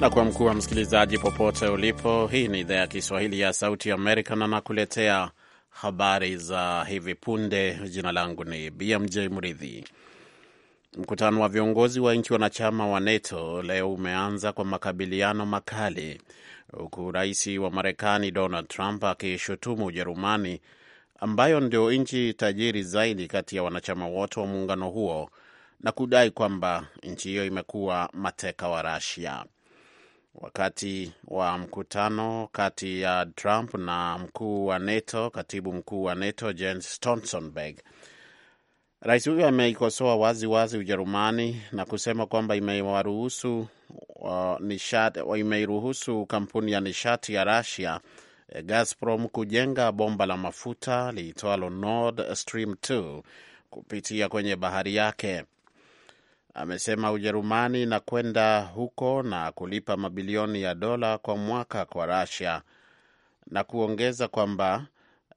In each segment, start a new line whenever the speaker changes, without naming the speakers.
na kwa mkuu wa msikilizaji popote ulipo, hii ni idhaa ya Kiswahili ya Sauti ya Amerika na nakuletea habari za hivi punde. Jina langu ni BMJ Mridhi. Mkutano wa viongozi wa nchi wanachama wa NATO leo umeanza kwa makabiliano makali, huku rais wa Marekani Donald Trump akishutumu Ujerumani ambayo ndio nchi tajiri zaidi kati ya wanachama wote wa muungano huo na kudai kwamba nchi hiyo imekuwa mateka wa Rasia wakati wa mkutano kati ya Trump na mkuu wa NATO, katibu mkuu wa NATO Jens Stoltenberg. Rais huyo ameikosoa waziwazi Ujerumani na kusema kwamba imewaruhusu uh, nishati, imeiruhusu kampuni ya nishati ya Russia eh, Gazprom kujenga bomba la mafuta liitwalo Nord Stream 2 kupitia kwenye bahari yake amesema Ujerumani inakwenda huko na kulipa mabilioni ya dola kwa mwaka kwa Russia na kuongeza kwamba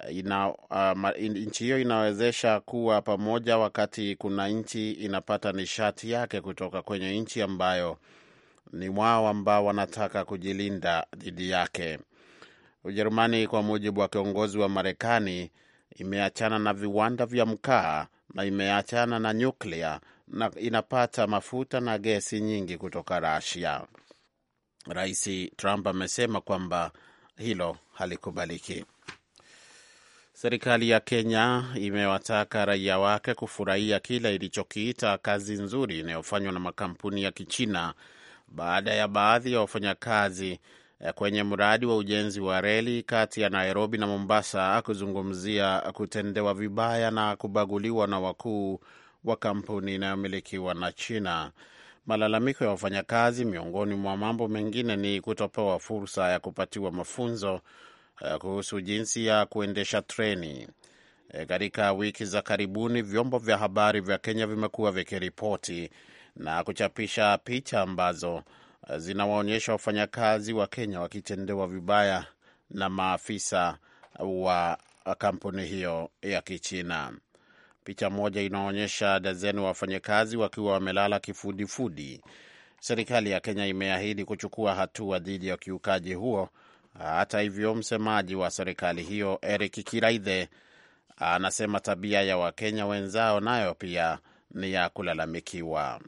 uh, ina, uh, nchi hiyo inawezesha kuwa pamoja wakati kuna nchi inapata nishati yake kutoka kwenye nchi ambayo ni wao ambao wanataka kujilinda dhidi yake. Ujerumani, kwa mujibu wa kiongozi wa Marekani, imeachana na viwanda vya mkaa na imeachana na nyuklia na inapata mafuta na gesi nyingi kutoka Rasia. Rais Trump amesema kwamba hilo halikubaliki. Serikali ya Kenya imewataka raia wake kufurahia kile ilichokiita kazi nzuri inayofanywa na makampuni ya Kichina baada ya baadhi ya wafanyakazi eh, kwenye mradi wa ujenzi wa reli kati ya Nairobi na Mombasa kuzungumzia kutendewa vibaya na kubaguliwa na wakuu wa kampuni inayomilikiwa na China. Malalamiko ya wafanyakazi, miongoni mwa mambo mengine, ni kutopewa fursa ya kupatiwa mafunzo eh, kuhusu jinsi ya kuendesha treni. Eh, katika wiki za karibuni, vyombo vya habari vya Kenya vimekuwa vikiripoti na kuchapisha picha ambazo eh, zinawaonyesha wafanyakazi wa Kenya wakitendewa vibaya na maafisa wa kampuni hiyo ya Kichina. Picha moja inaonyesha dazeni wafanyakazi wakiwa wamelala kifudifudi. Serikali ya Kenya imeahidi kuchukua hatua dhidi ya ukiukaji huo. Hata hivyo, msemaji wa serikali hiyo Eric Kiraithe anasema tabia ya Wakenya wenzao nayo pia ni ya kulalamikiwa.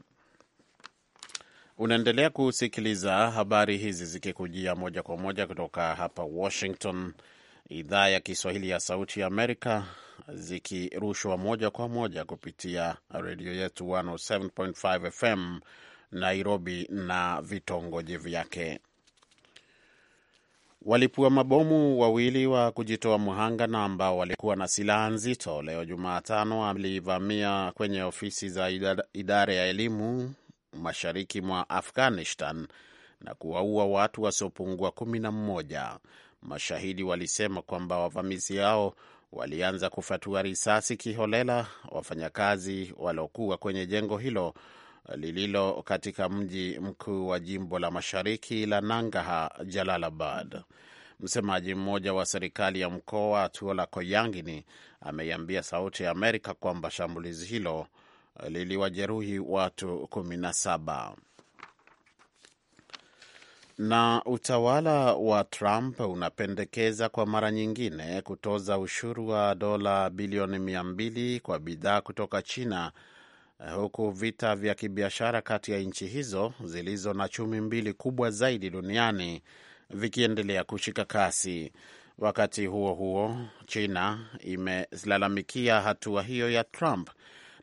Unaendelea kusikiliza habari hizi zikikujia moja kwa moja kutoka hapa Washington, idhaa ya Kiswahili ya Sauti ya Amerika zikirushwa moja kwa moja kupitia redio yetu 107.5 FM Nairobi na vitongoji vyake. Walipua mabomu wawili wa kujitoa mhanga na ambao walikuwa na silaha nzito leo Jumatano alivamia kwenye ofisi za idara ya elimu mashariki mwa Afghanistan na kuwaua watu wasiopungua kumi na mmoja. Mashahidi walisema kwamba wavamizi hao walianza kufatua risasi kiholela wafanyakazi waliokuwa kwenye jengo hilo lililo katika mji mkuu wa jimbo la mashariki la Nangaha, Jalalabad. Msemaji mmoja wa serikali ya mkoa Tuola Koyangini ameiambia Sauti ya Amerika kwamba shambulizi hilo liliwajeruhi watu kumi na saba. Na utawala wa Trump unapendekeza kwa mara nyingine kutoza ushuru wa dola bilioni mia mbili kwa bidhaa kutoka China huku vita vya kibiashara kati ya nchi hizo zilizo na chumi mbili kubwa zaidi duniani vikiendelea kushika kasi. Wakati huo huo, China imelalamikia hatua hiyo ya Trump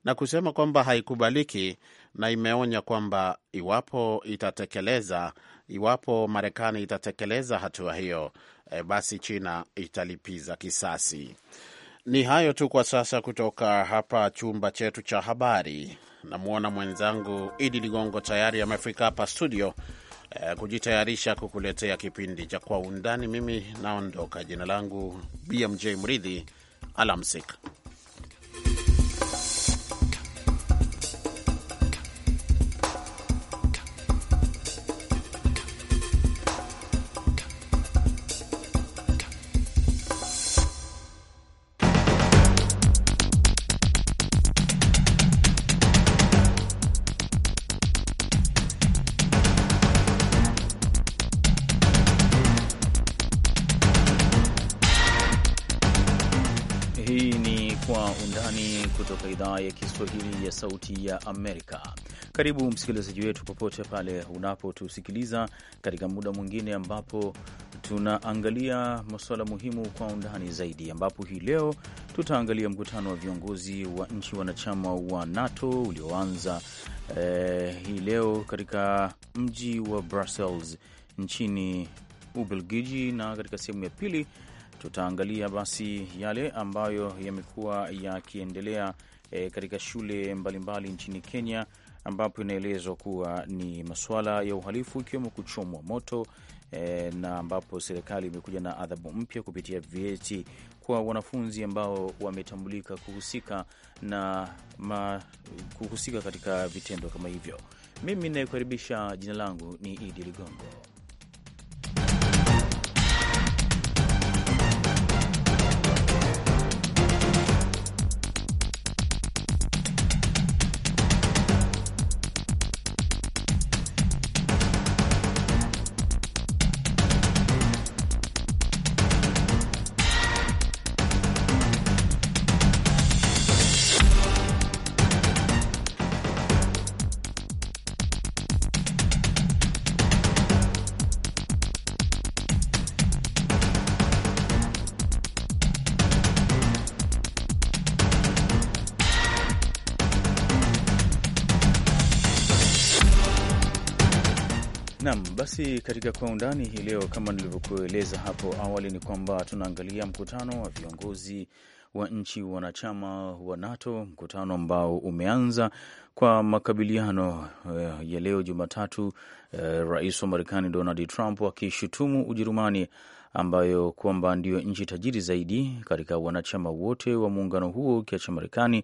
na kusema kwamba haikubaliki na imeonya kwamba iwapo itatekeleza Iwapo Marekani itatekeleza hatua hiyo, e, basi China italipiza kisasi. Ni hayo tu kwa sasa kutoka hapa chumba chetu cha habari. Namwona mwenzangu Idi Ligongo tayari amefika hapa studio e, kujitayarisha kukuletea kipindi cha Kwa Undani. Mimi naondoka, jina langu BMJ Mridhi, alamsika.
idhaa ya Kiswahili ya Sauti ya Amerika. Karibu msikilizaji wetu popote pale unapotusikiliza katika muda mwingine ambapo tunaangalia masuala muhimu kwa undani zaidi, ambapo hii leo tutaangalia mkutano wa viongozi wa nchi wanachama wa NATO ulioanza eh, hii leo katika mji wa Brussels nchini Ubelgiji, na katika sehemu ya pili tutaangalia basi yale ambayo yamekuwa yakiendelea e, katika shule mbalimbali mbali nchini Kenya, ambapo inaelezwa kuwa ni masuala ya uhalifu ikiwemo kuchomwa moto e, na ambapo serikali imekuja na adhabu mpya kupitia vyeti kwa wanafunzi ambao wametambulika kuhusika na ma, kuhusika katika vitendo kama hivyo. Mimi ninayekaribisha, jina langu ni Idi Ligongo. Nam, basi katika kwa undani hii leo, kama nilivyokueleza hapo awali, ni kwamba tunaangalia mkutano wa viongozi wa nchi wanachama wa NATO, mkutano ambao umeanza kwa makabiliano eh, ya leo Jumatatu, uh, rais wa Marekani Donald Trump akishutumu Ujerumani ambayo kwamba ndiyo nchi tajiri zaidi katika wanachama wote wa muungano huo ukiacha Marekani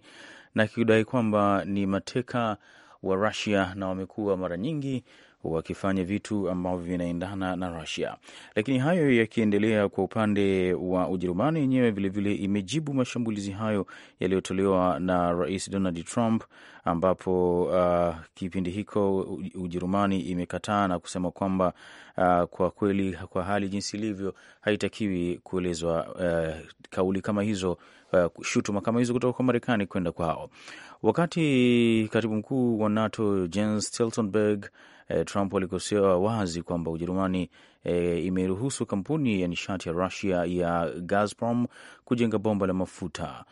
na kidai kwamba ni mateka wa Rusia na wamekuwa mara nyingi wakifanya vitu ambavyo vinaendana na Rusia. Lakini hayo yakiendelea, kwa upande wa Ujerumani yenyewe vilevile imejibu mashambulizi hayo yaliyotolewa na Rais Donald Trump, ambapo uh, kipindi hiko Ujerumani imekataa na kusema kwamba uh, kwa kweli kwa hali jinsi ilivyo haitakiwi kuelezwa uh, kauli kama hizo Uh, shutuma kama hizo kutoka kwa Marekani kwenda kwao. Wakati katibu mkuu wa NATO Jens Stoltenberg Eh, Trump alikosewa wazi kwamba Ujerumani e, imeruhusu kampuni ya nishati ya Rusia ya Gazprom kujenga bomba la mafuta,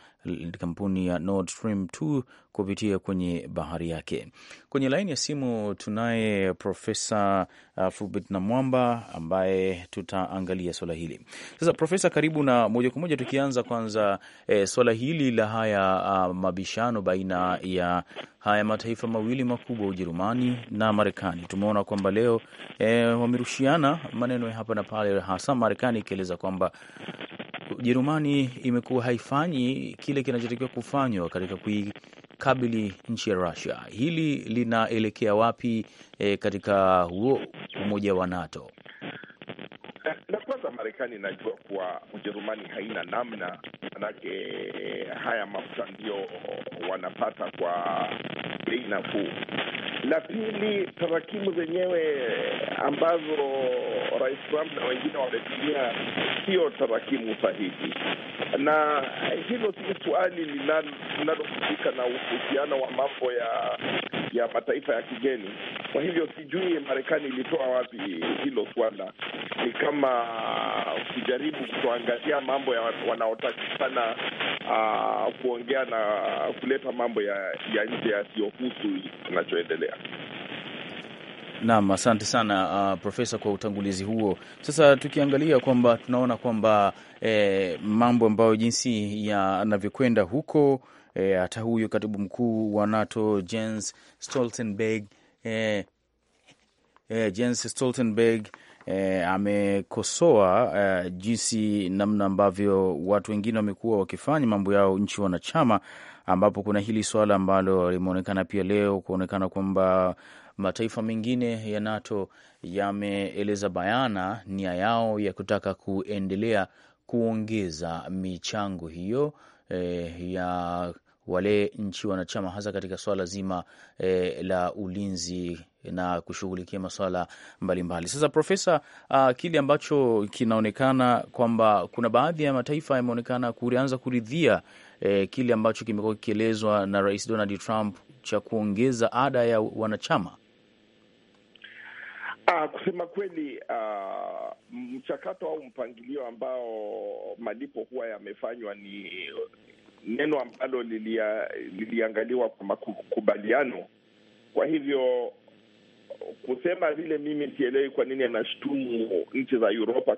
kampuni ya Nord Stream 2 kupitia kwenye bahari yake. Kwenye laini ya simu tunaye Profesa uh, Fulbert Namwamba ambaye tutaangalia swala hili sasa. Profesa, karibu na moja kwa moja, tukianza kwanza e, swala hili la haya a, uh, mabishano baina ya haya mataifa mawili makubwa, Ujerumani na Marekani. Tumeona kwamba leo e, wamerushiana maneno ya hapa na pale, hasa Marekani ikieleza kwamba Ujerumani imekuwa haifanyi kile kinachotakiwa kufanywa katika kui kabili nchi ya Russia. Hili linaelekea wapi e, katika huo umoja wa NATO?
Eh, na kwanza Marekani inajua kuwa Ujerumani haina namna, manake eh, haya mafuta ndio wanapata kwa bei nafuu la pili, tarakimu zenyewe ambazo Rais Trump na wengine wametumia sio tarakimu sahihi, na hilo si swali linalohusika na uhusiano wa mambo ya ya mataifa ya kigeni. Kwa hivyo sijui Marekani ilitoa wapi hilo swala. Ni kama ukijaribu kutoangazia mambo ya wanaotakikana Uh, kuongea na kuleta mambo ya, ya nje yasiyohusu kinachoendelea.
Naam, asante sana uh, Profesa, kwa utangulizi huo. Sasa tukiangalia kwamba tunaona kwamba eh, mambo ambayo jinsi yanavyokwenda huko eh, hata huyu katibu mkuu wa NATO Jens Stoltenberg eh, eh, Jens Stoltenberg eh, amekosoa eh, jinsi namna ambavyo watu wengine wamekuwa wakifanya mambo yao nchi wanachama, ambapo kuna hili swala ambalo limeonekana pia leo kuonekana kwamba mataifa mengine ya NATO yameeleza bayana nia yao ya kutaka kuendelea kuongeza michango hiyo eh, ya wale nchi wanachama hasa katika swala zima eh, la ulinzi na kushughulikia masuala mbalimbali. Sasa profesa, uh, kile ambacho kinaonekana kwamba kuna baadhi ya mataifa yameonekana kuanza kuridhia eh, kile ambacho kimekuwa kikielezwa na Rais Donald Trump cha kuongeza ada ya wanachama.
Uh, kusema kweli, uh, mchakato au mpangilio ambao malipo huwa yamefanywa ni neno ambalo lilia, liliangaliwa kwa makubaliano. Kwa hivyo kusema vile, mimi sielewi kwa nini anashutumu nchi za Uropa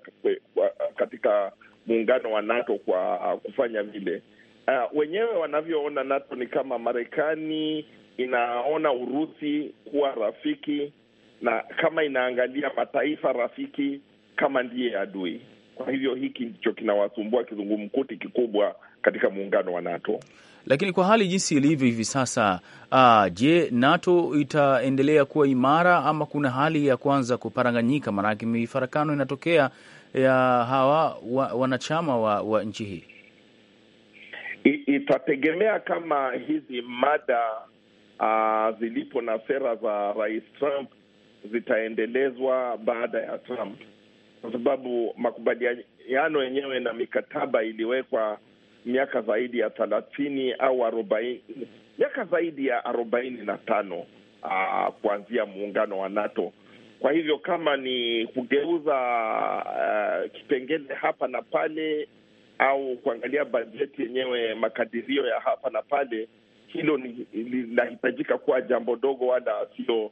katika muungano wa NATO kwa uh, kufanya vile. Uh, wenyewe wanavyoona NATO ni kama Marekani inaona Urusi kuwa rafiki na kama inaangalia mataifa rafiki kama ndiye adui. Kwa hivyo hiki ndicho kinawasumbua kizungumkuti kikubwa katika muungano wa NATO.
Lakini kwa hali jinsi ilivyo hivi sasa, uh, je, NATO itaendelea kuwa imara ama kuna hali ya kuanza kuparanganyika? Maanake mifarakano inatokea ya hawa wa, wanachama wa, wa nchi hii.
Itategemea kama hizi mada uh, zilipo na sera za Rais Trump zitaendelezwa baada ya Trump, kwa sababu makubaliano yenyewe na mikataba iliwekwa miaka zaidi ya thelathini au arobaini miaka zaidi ya arobaini na tano ah, kuanzia muungano wa NATO. Kwa hivyo kama ni kugeuza uh, kipengele hapa na pale au kuangalia bajeti yenyewe, makadirio ya hapa na pale, hilo linahitajika kuwa jambo dogo, wala sio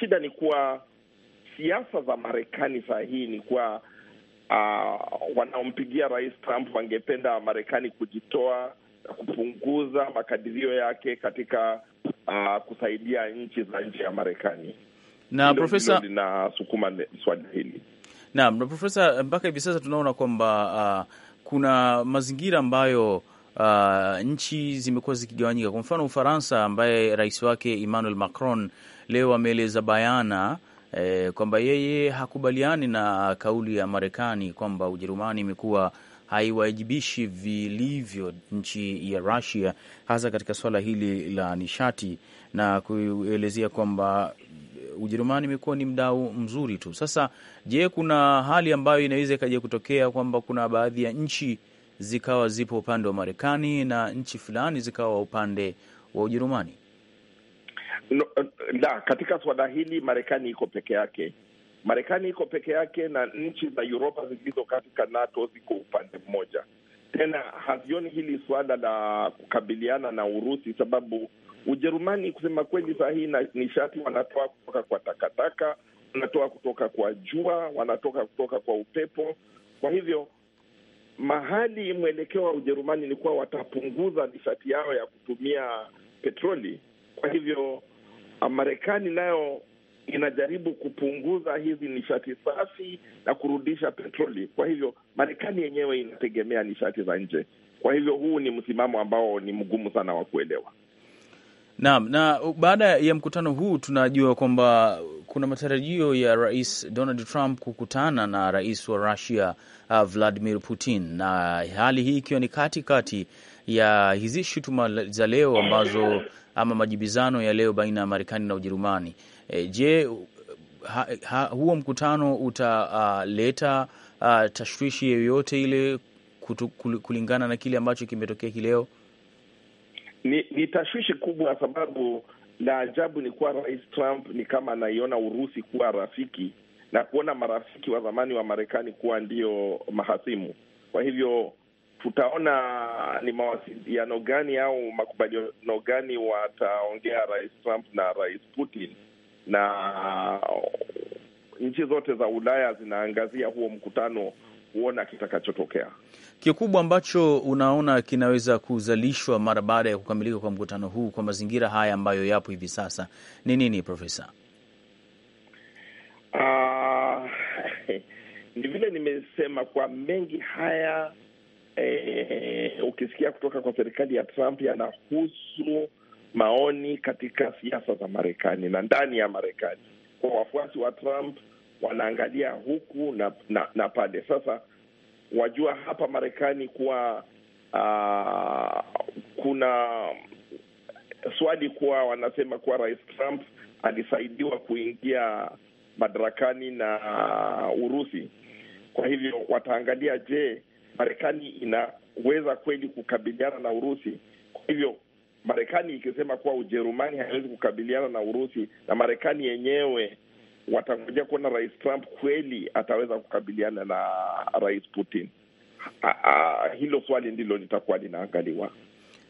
shida. Ni kuwa siasa za Marekani saa hii ni kuwa uh, wanaompigia rais Trump wangependa Marekani kujitoa na kupunguza makadirio yake katika uh, kusaidia nchi za nje ya Marekani.
Na profesa,
linasukuma swali hili
naam. Na profesa, mpaka hivi sasa tunaona kwamba uh, kuna mazingira ambayo Uh, nchi zimekuwa zikigawanyika. Kwa mfano Ufaransa, ambaye rais wake Emmanuel Macron leo ameeleza bayana e, kwamba yeye hakubaliani na kauli ya Marekani kwamba Ujerumani imekuwa haiwajibishi vilivyo nchi ya rasia hasa katika swala hili la nishati na kuelezea kwamba Ujerumani imekuwa ni mdau mzuri tu. Sasa je, kuna hali ambayo inaweza ikaja kutokea kwamba kuna baadhi ya nchi zikawa zipo upande wa Marekani na nchi fulani
zikawa upande wa Ujerumani? No, eh, la katika swala hili Marekani iko peke yake. Marekani iko peke yake na nchi za Uropa zilizo katika NATO ziko upande mmoja, tena hazioni hili suala la kukabiliana na Urusi sababu Ujerumani kusema kweli saa hii nishati wanatoa kutoka kwa takataka, wanatoa kutoka kwa jua, wanatoka kutoka kwa upepo. Kwa hivyo mahali mwelekeo wa Ujerumani ni kuwa watapunguza nishati yao ya kutumia petroli. Kwa hivyo Ah, Marekani nayo inajaribu kupunguza hizi nishati safi na kurudisha petroli. Kwa hivyo Marekani yenyewe inategemea nishati za nje. Kwa hivyo huu ni msimamo ambao ni mgumu sana wa kuelewa.
Naam, na baada ya mkutano huu tunajua kwamba kuna matarajio ya Rais Donald Trump kukutana na rais wa Russia uh, Vladimir Putin, na hali hii ikiwa ni katikati ya hizi shutuma za leo ambazo ama majibizano ya leo baina ya Marekani na Ujerumani. E, je, ha, ha, huo mkutano utaleta uh, uh, tashwishi yoyote ile kutu, kulingana na kile ambacho kimetokea hii leo?
Ni, ni tashwishi kubwa, sababu la ajabu ni kuwa Rais Trump ni kama anaiona Urusi kuwa rafiki na kuona marafiki wa zamani wa Marekani kuwa ndio mahasimu. Kwa hivyo tutaona ni mawasiliano gani au makubaliano gani wataongea Rais Trump na Rais Putin, na nchi zote za Ulaya zinaangazia huo mkutano kuona kitakachotokea.
Kikubwa ambacho unaona kinaweza kuzalishwa mara baada ya kukamilika kwa mkutano huu kwa mazingira haya ambayo yapo hivi sasa ni nini, Profesa?
Uh, ni vile nimesema kwa mengi haya eh, ukisikia kutoka kwa serikali ya Trump yanahusu maoni katika siasa za Marekani na ndani ya Marekani. Kwa wafuasi wa Trump wanaangalia huku na, na, na pale. Sasa wajua hapa Marekani kuwa uh, kuna swali kuwa wanasema kuwa Rais Trump alisaidiwa kuingia madarakani na Urusi. Kwa hivyo wataangalia, je, Marekani inaweza kweli kukabiliana na Urusi. Kwa hivyo Marekani ikisema kuwa Ujerumani haiwezi kukabiliana na Urusi na Marekani yenyewe, watangojea kuona Rais Trump kweli ataweza kukabiliana na Rais Putin. A, a, hilo swali ndilo litakuwa linaangaliwa.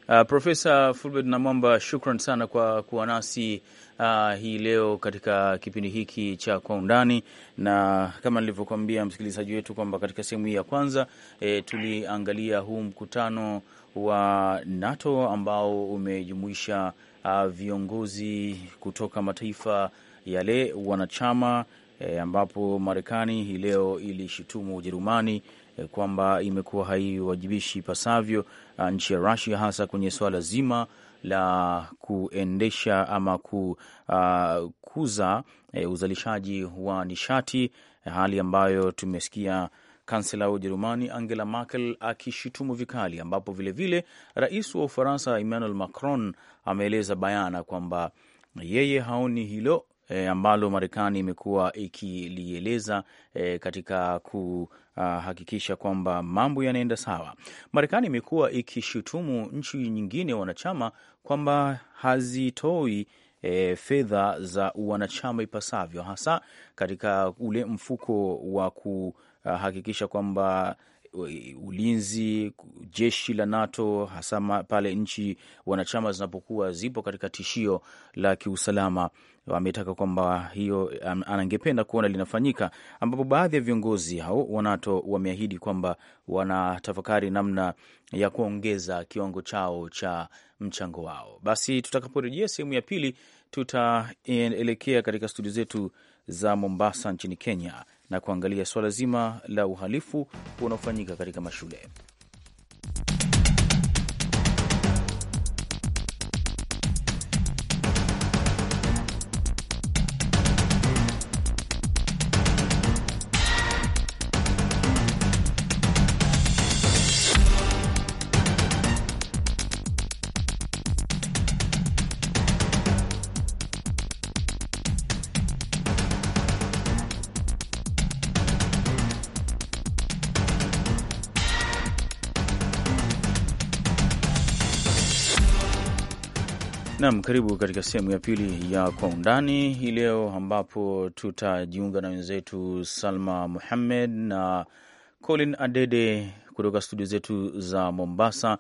Uh, Profesa Fulbert Namwamba, shukran sana kwa kuwa nasi uh, hii leo katika kipindi hiki cha Kwa Undani, na kama nilivyokuambia msikilizaji wetu kwamba katika sehemu hii ya kwanza e, tuliangalia huu mkutano wa NATO ambao umejumuisha uh, viongozi kutoka mataifa yale wanachama e, ambapo Marekani hii leo ilishutumu Ujerumani Eh, kwamba imekuwa haiwajibishi ipasavyo ah, nchi ya Russia, hasa kwenye swala zima la kuendesha ama kukuza ah, uh, eh, uzalishaji wa nishati, eh, hali ambayo tumesikia kansela wa Ujerumani Angela Merkel akishutumu vikali, ambapo vilevile rais wa Ufaransa Emmanuel Macron ameeleza bayana kwamba yeye haoni hilo e, ambalo Marekani imekuwa ikilieleza e, katika kuhakikisha kwamba mambo yanaenda sawa. Marekani imekuwa ikishutumu nchi nyingine wanachama kwamba hazitoi E, fedha za wanachama ipasavyo, hasa katika ule mfuko wa kuhakikisha kwamba e, ulinzi, jeshi la NATO, hasa pale nchi wanachama zinapokuwa zipo katika tishio la kiusalama ametaka kwamba hiyo anangependa kuona linafanyika, ambapo baadhi ya viongozi hao wa NATO wameahidi kwamba wanatafakari namna ya kuongeza kiwango chao cha mchango wao. Basi tutakaporejea sehemu ya pili, tutaelekea katika studio zetu za Mombasa nchini Kenya na kuangalia swala zima la uhalifu unaofanyika katika mashule. karibu katika sehemu ya pili ya Kwa Undani hii leo, ambapo tutajiunga na wenzetu Salma Muhammed na Colin Adede kutoka studio zetu za Mombasa,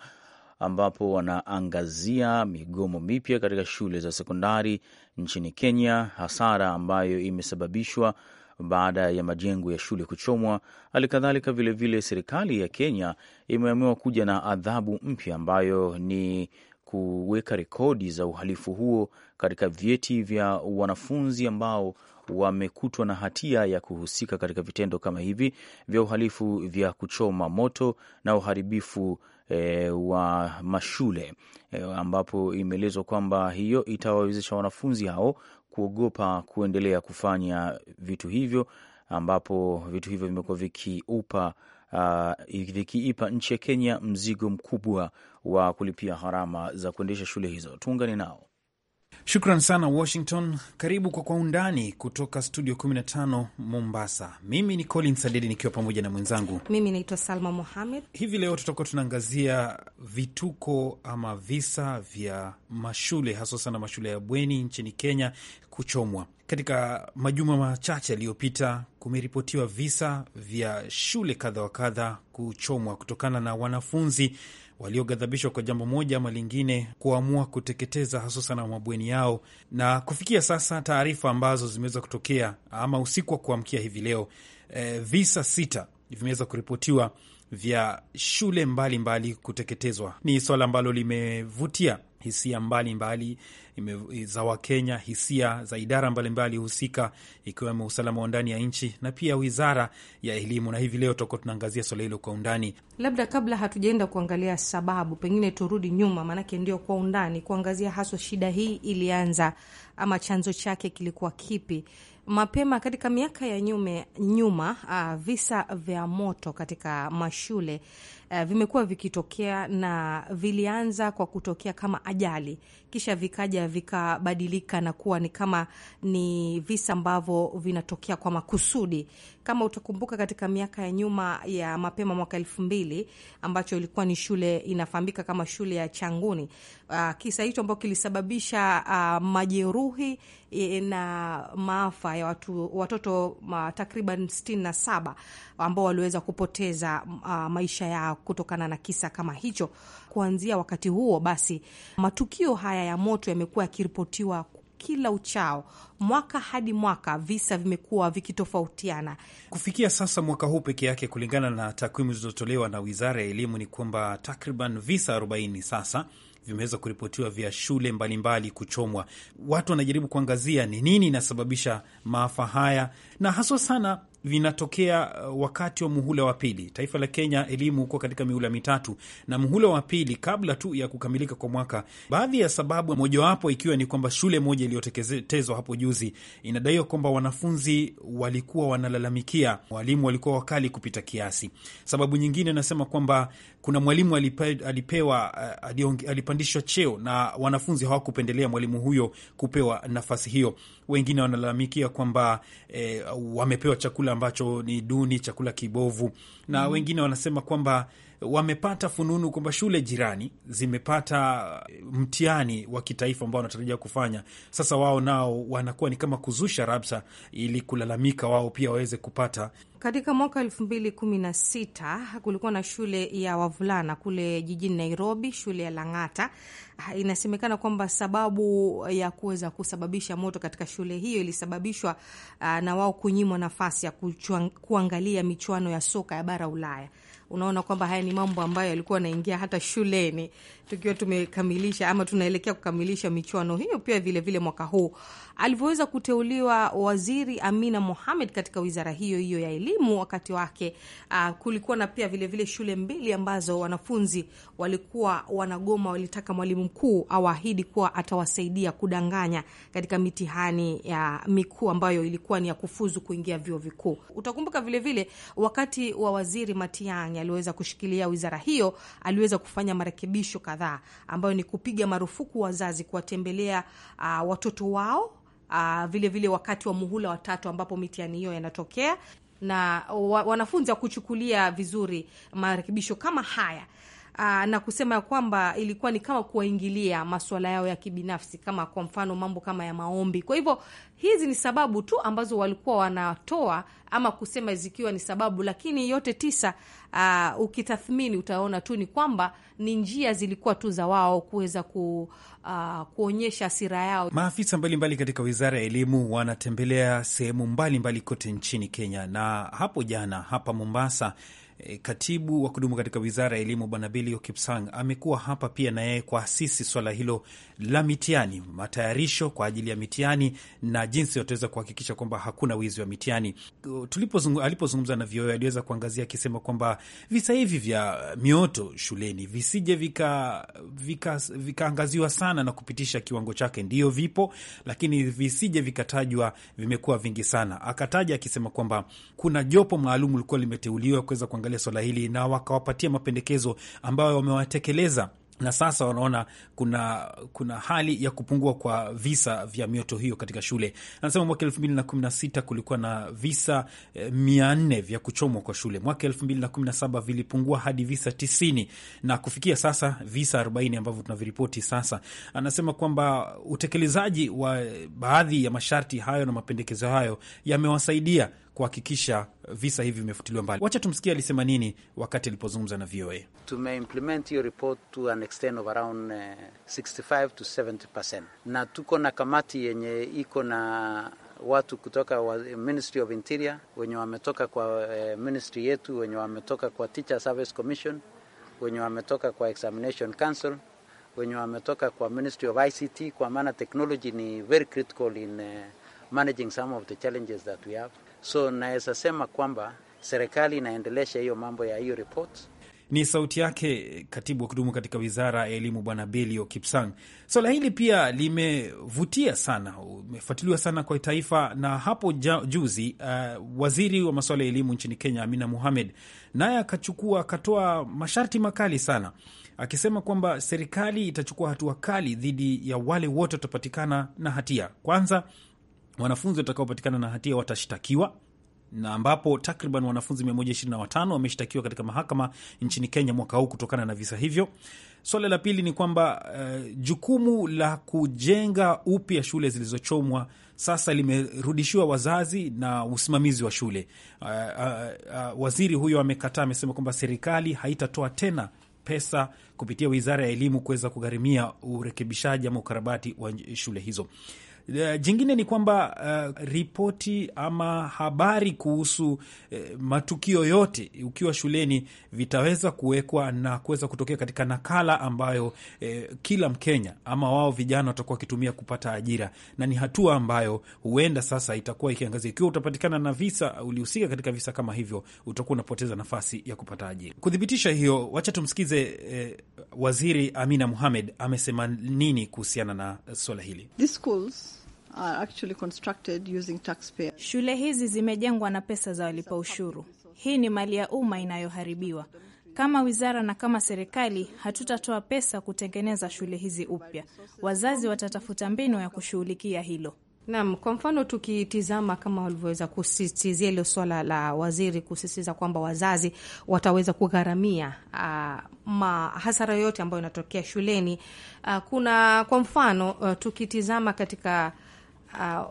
ambapo wanaangazia migomo mipya katika shule za sekondari nchini Kenya, hasara ambayo imesababishwa baada ya majengo ya shule kuchomwa. Hali kadhalika vilevile, serikali ya Kenya imeamua kuja na adhabu mpya ambayo ni kuweka rekodi za uhalifu huo katika vyeti vya wanafunzi ambao wamekutwa na hatia ya kuhusika katika vitendo kama hivi vya uhalifu vya kuchoma moto na uharibifu E, wa mashule e, ambapo imeelezwa kwamba hiyo itawawezesha wanafunzi hao kuogopa kuendelea kufanya vitu hivyo, ambapo vitu hivyo vimekuwa vikiupa uh, ikiipa nchi ya Kenya mzigo mkubwa wa kulipia gharama za
kuendesha shule hizo. Tuungane nao. Shukran sana Washington. Karibu kwa Kwa Undani kutoka studio 15 Mombasa. Mimi ni Colin Sadedi nikiwa pamoja na mwenzangu,
mimi naitwa Salma Muhamed.
Hivi leo tutakuwa tunaangazia vituko ama visa vya mashule haswa sana mashule ya bweni nchini Kenya kuchomwa. Katika majuma machache yaliyopita, kumeripotiwa visa vya shule kadha wa kadha kuchomwa kutokana na wanafunzi walioghadhabishwa kwa jambo moja ama lingine kuamua kuteketeza hususan na mabweni yao. Na kufikia sasa taarifa ambazo zimeweza kutokea ama usiku wa kuamkia hivi leo, e, visa sita vimeweza kuripotiwa vya shule mbalimbali mbali kuteketezwa. Ni swala ambalo limevutia hisia mbalimbali za Wakenya, hisia za idara mbalimbali husika ikiwemo usalama wa ndani ya nchi na pia wizara ya elimu, na hivi leo tutakuwa tunaangazia swala hilo kwa undani.
Labda kabla hatujaenda kuangalia sababu, pengine turudi nyuma, maanake ndio kwa undani kuangazia haswa shida hii ilianza ama chanzo chake kilikuwa kipi. Mapema katika miaka ya nyume, nyuma, uh, visa vya moto katika mashule uh, vimekuwa vikitokea na vilianza kwa kutokea kama ajali, kisha vikaja vikabadilika na kuwa ni kama ni visa ambavyo vinatokea kwa makusudi. Kama utakumbuka katika miaka ya nyuma ya mapema mwaka elfu mbili ambacho ilikuwa ni shule inafahamika kama shule ya Changuni, uh, kisa hicho ambao kilisababisha uh, majeruhi eh, na maafa ya watu, watoto uh, takriban sitini na saba ambao waliweza kupoteza uh, maisha yao kutokana na kisa kama hicho. Kuanzia wakati huo basi, matukio haya ya moto yamekuwa yakiripotiwa kila uchao, mwaka hadi mwaka, visa vimekuwa vikitofautiana.
Kufikia sasa mwaka huu peke yake, kulingana na takwimu zilizotolewa na Wizara ya Elimu, ni kwamba takriban visa 40 sasa vimeweza kuripotiwa vya shule mbalimbali mbali kuchomwa. Watu wanajaribu kuangazia ni nini inasababisha maafa haya, na haswa sana vinatokea uh, wakati wa muhula wa pili. Taifa la Kenya elimu huko katika mihula mitatu, na muhula wa pili kabla tu ya kukamilika kwa mwaka, baadhi ya sababu mojawapo ikiwa ni kwamba shule moja iliyoteketezwa hapo juzi, inadaiwa kwamba wanafunzi walikuwa wanalalamikia walimu walikuwa wakali kupita kiasi. Sababu nyingine inasema kwamba kuna mwalimu alipe, alipewa eh, alipandishwa cheo na wanafunzi hawakupendelea mwalimu huyo kupewa nafasi hiyo. Wengine wanalalamikia kwamba e, wamepewa chakula ambacho ni duni, chakula kibovu na mm, wengine wanasema kwamba wamepata fununu kwamba shule jirani zimepata eh, mtihani wa kitaifa ambao wanatarajia kufanya. Sasa wao nao wanakuwa ni kama kuzusha rabsa ili kulalamika wao pia waweze kupata
katika mwaka elfu mbili kumi na sita kulikuwa na shule ya wavulana kule jijini Nairobi, shule ya Lang'ata. Ah, inasemekana kwamba sababu ya kuweza kusababisha moto katika shule hiyo ilisababishwa ah, na wao kunyimwa nafasi ya kuchuang, kuangalia michuano ya soka ya bara Ulaya unaona kwamba haya ni mambo ambayo yalikuwa yanaingia hata shuleni tukiwa tumekamilisha ama tunaelekea kukamilisha michuano hiyo pia vilevile vile mwaka huu, alivyoweza kuteuliwa Waziri Amina Mohamed katika wizara hiyo hiyo ya elimu. Wakati wake uh, kulikuwa na pia vilevile vile shule mbili ambazo wanafunzi walikuwa wanagoma, walitaka mwalimu mkuu awaahidi kuwa atawasaidia kudanganya katika mitihani ya mikuu ambayo ilikuwa ni ya kufuzu kuingia vyuo vikuu. Utakumbuka vilevile vile, wakati wa Waziri Matiang'i aliweza kushikilia wizara hiyo, aliweza kufanya marekebisho kadhaa kadhaa ambayo ni kupiga marufuku wazazi kuwatembelea uh, watoto wao uh, vile wakati wa muhula watatu ambapo mitihani hiyo yanatokea na wanafunzi wa kuchukulia vizuri marekebisho kama haya aa, ah, na kusema ya kwamba ilikuwa ni kama kuwaingilia masuala yao ya kibinafsi, kama kwa mfano mambo kama ya maombi. Kwa hivyo hizi ni sababu tu ambazo walikuwa wanatoa ama kusema zikiwa ni sababu, lakini yote tisa, aa, ah, ukitathmini utaona tu ni kwamba ni njia zilikuwa tu za wao kuweza ku, uh, kuonyesha asira yao.
Maafisa mbalimbali katika wizara ya elimu wanatembelea sehemu mbalimbali kote nchini Kenya, na hapo jana hapa Mombasa Eh, katibu wa kudumu katika wizara ya elimu Bwana Bilio Kipsang amekuwa hapa pia na yeye kuasisi swala hilo la mitihani, matayarisho kwa ajili ya mitihani na jinsi wataweza kuhakikisha kwamba hakuna wizi wa mitihani. Alipozungumza na VOA aliweza kuangazia akisema kwamba visa hivi vya mioto shuleni visije vikaangaziwa vika, vika sana na kupitisha kiwango chake. Ndiyo vipo, lakini visije vikatajwa vimekuwa vingi sana. Akataja akisema kwamba kuna jopo maalum likuwa limeteuliwa kuweza kuangalia kuangalia swala hili na wakawapatia mapendekezo ambayo wamewatekeleza na sasa wanaona kuna, kuna hali ya kupungua kwa visa vya mioto hiyo katika shule. Anasema mwaka elfu mbili na kumi na sita kulikuwa na visa eh, mia nne vya kuchomwa kwa shule. Mwaka elfu mbili na kumi na saba vilipungua hadi visa tisini na kufikia sasa visa arobaini ambavyo tunaviripoti sasa. Anasema kwamba utekelezaji wa baadhi ya masharti hayo na mapendekezo hayo yamewasaidia kuhakikisha visa hivi vimefutiliwa mbali. Wacha tumsikia alisema nini wakati alipozungumza na VOA.
Tumeimplement hiyo report to an extent of around 65 eh, to 70%, na tuko na kamati yenye iko na watu kutoka wa Ministry of Interior wenye wametoka kwa eh, ministry yetu, wenye wametoka kwa Teacher Service Commission, wenye wametoka kwa Examination Council, wenye wametoka kwa Ministry of ICT, kwa maana technology ni very critical in eh, managing some of the challenges that we have. So naweza sema kwamba serikali inaendelesha hiyo mambo ya hiyo
report. Ni sauti yake katibu wa kudumu katika wizara ya elimu Bwana Belio Kipsang. Swala hili pia limevutia sana, umefuatiliwa sana kwa taifa, na hapo juzi uh, waziri wa masuala ya elimu nchini Kenya Amina Mohamed naye akachukua akatoa masharti makali sana, akisema kwamba serikali itachukua hatua kali dhidi ya wale wote watapatikana na hatia. Kwanza wanafunzi watakaopatikana na hatia watashtakiwa na ambapo takriban wanafunzi 125 wameshtakiwa katika mahakama nchini Kenya mwaka huu kutokana na visa hivyo. Swala la pili ni kwamba uh, jukumu la kujenga upya shule zilizochomwa sasa limerudishiwa wazazi na usimamizi wa shule. Uh, uh, uh, waziri huyo amekataa, amesema kwamba serikali haitatoa tena pesa kupitia wizara ya elimu kuweza kugharimia urekebishaji ama ukarabati wa shule hizo. Eh, jingine ni kwamba uh, ripoti ama habari kuhusu uh, matukio yote ukiwa shuleni vitaweza kuwekwa na kuweza kutokea katika nakala ambayo uh, kila Mkenya ama wao vijana watakuwa wakitumia kupata ajira, na ni hatua ambayo huenda sasa itakuwa ikiangazia. Ikiwa utapatikana na visa, ulihusika katika visa kama hivyo, utakuwa unapoteza nafasi ya kupata ajira. Kuthibitisha hiyo, wacha tumsikize uh, Waziri Amina Mohamed amesema nini kuhusiana na swala hili
The schools are actually constructed using taxpayer. Shule hizi zimejengwa na pesa za walipa ushuru. Hii ni mali ya umma inayoharibiwa. Kama wizara na kama serikali hatutatoa pesa kutengeneza shule hizi upya. Wazazi watatafuta mbinu ya kushughulikia hilo. Naam, kwa mfano tukitizama kama walivyoweza kusisitizia ilo swala la waziri kusisitiza kwamba wazazi wataweza kugharamia ah, hasara yoyote ambayo inatokea shuleni. Aa, ah, kuna kwa mfano uh, tukitizama katika uh,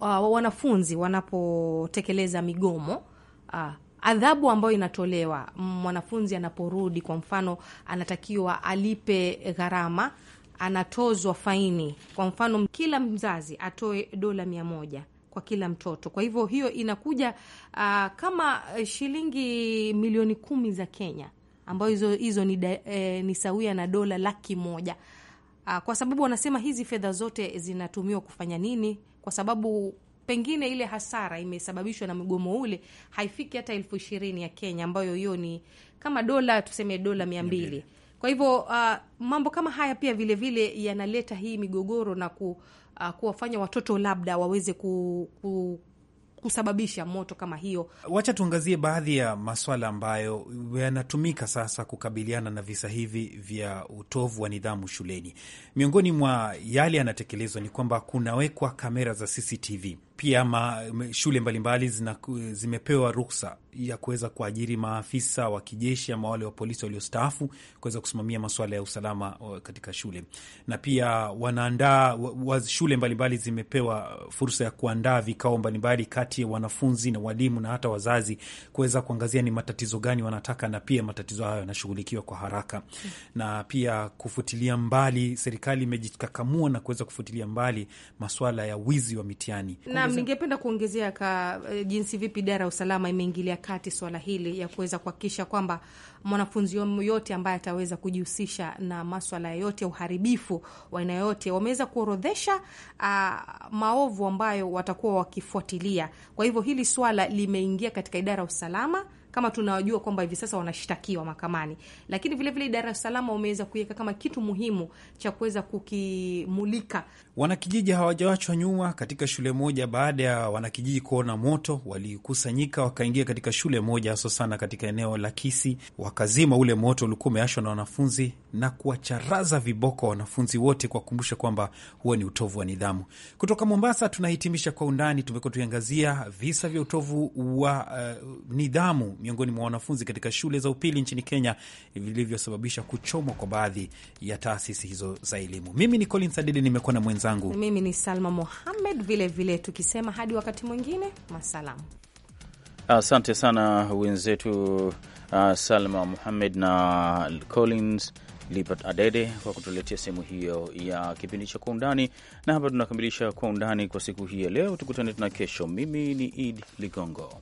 uh, wanafunzi wanapotekeleza migomo uh, adhabu ambayo inatolewa mwanafunzi anaporudi, kwa mfano, anatakiwa alipe gharama, anatozwa faini. Kwa mfano, kila mzazi atoe dola mia moja kwa kila mtoto. Kwa hivyo hiyo inakuja uh, kama shilingi milioni kumi za Kenya, ambayo hizo hizo ni, eh, ni sawia na dola laki moja Ah, kwa sababu wanasema hizi fedha zote zinatumiwa kufanya nini? Kwa sababu pengine ile hasara imesababishwa na mgomo ule haifiki hata elfu ishirini ya Kenya, ambayo hiyo ni kama dola tuseme dola mia mbili. Kwa hivyo uh, mambo kama haya pia vilevile yanaleta hii migogoro na ku, uh, kuwafanya watoto labda waweze ku, ku, kusababisha moto kama hiyo.
Wacha tuangazie baadhi ya maswala ambayo yanatumika sasa kukabiliana na visa hivi vya utovu wa nidhamu shuleni. Miongoni mwa yale yanatekelezwa ni kwamba kunawekwa kamera za CCTV pia ma, shule mbalimbali zina, zimepewa ruksa ya kuweza kuajiri maafisa wa kijeshi ama wale wa polisi waliostaafu kuweza kusimamia masuala ya usalama uh, katika shule, na pia wanaandaa wa, shule mbalimbali zimepewa fursa ya kuandaa vikao mbalimbali kati ya wanafunzi na walimu na hata wazazi kuweza kuangazia ni matatizo gani wanataka, na pia matatizo hayo yanashughulikiwa kwa haraka hmm. Na pia kufutilia mbali, serikali imejikakamua na kuweza kufutilia mbali masuala ya wizi wa mitihani na Naam,
ningependa kuongezea ka eh, jinsi vipi idara ya usalama imeingilia kati swala hili ya kuweza kuhakikisha kwamba mwanafunzi yoyote ambaye ataweza kujihusisha na maswala yoyote ya uharibifu wa aina yoyote, wameweza kuorodhesha uh, maovu ambayo watakuwa wakifuatilia. Kwa hivyo hili swala limeingia katika idara ya usalama kama tunajua kwamba hivi sasa wanashtakiwa mahakamani, lakini vilevile idara ya usalama wameweza kuiweka kama kitu muhimu cha kuweza kukimulika.
Wanakijiji hawajawachwa nyuma. Katika shule moja, baada ya wanakijiji kuona moto, walikusanyika wakaingia katika shule moja, hasa sana katika eneo la Kisi, wakazima ule moto ulikuwa umeashwa na wanafunzi na kuwacharaza viboko wanafunzi wote, kuwakumbusha kwamba huo ni utovu wa nidhamu. Kutoka Mombasa tunahitimisha kwa undani. Tumekuwa tukiangazia visa vya utovu wa uh, nidhamu miongoni mwa wanafunzi katika shule za upili nchini Kenya, vilivyosababisha kuchomwa kwa baadhi ya taasisi hizo za elimu. Mimi ni Colin Sadidi, nimekuwa na mwenzangu,
mimi ni Salma Mohamed vilevile, tukisema hadi wakati mwingine, masalamu.
Asante sana wenzetu, uh, Salma muhamed na Collins Libert Adede kwa kutuletea sehemu hiyo ya kipindi cha Kwa Undani, na hapa tunakamilisha Kwa Undani kwa siku hii ya leo. Tukutane tena kesho. Mimi ni Id Ligongo.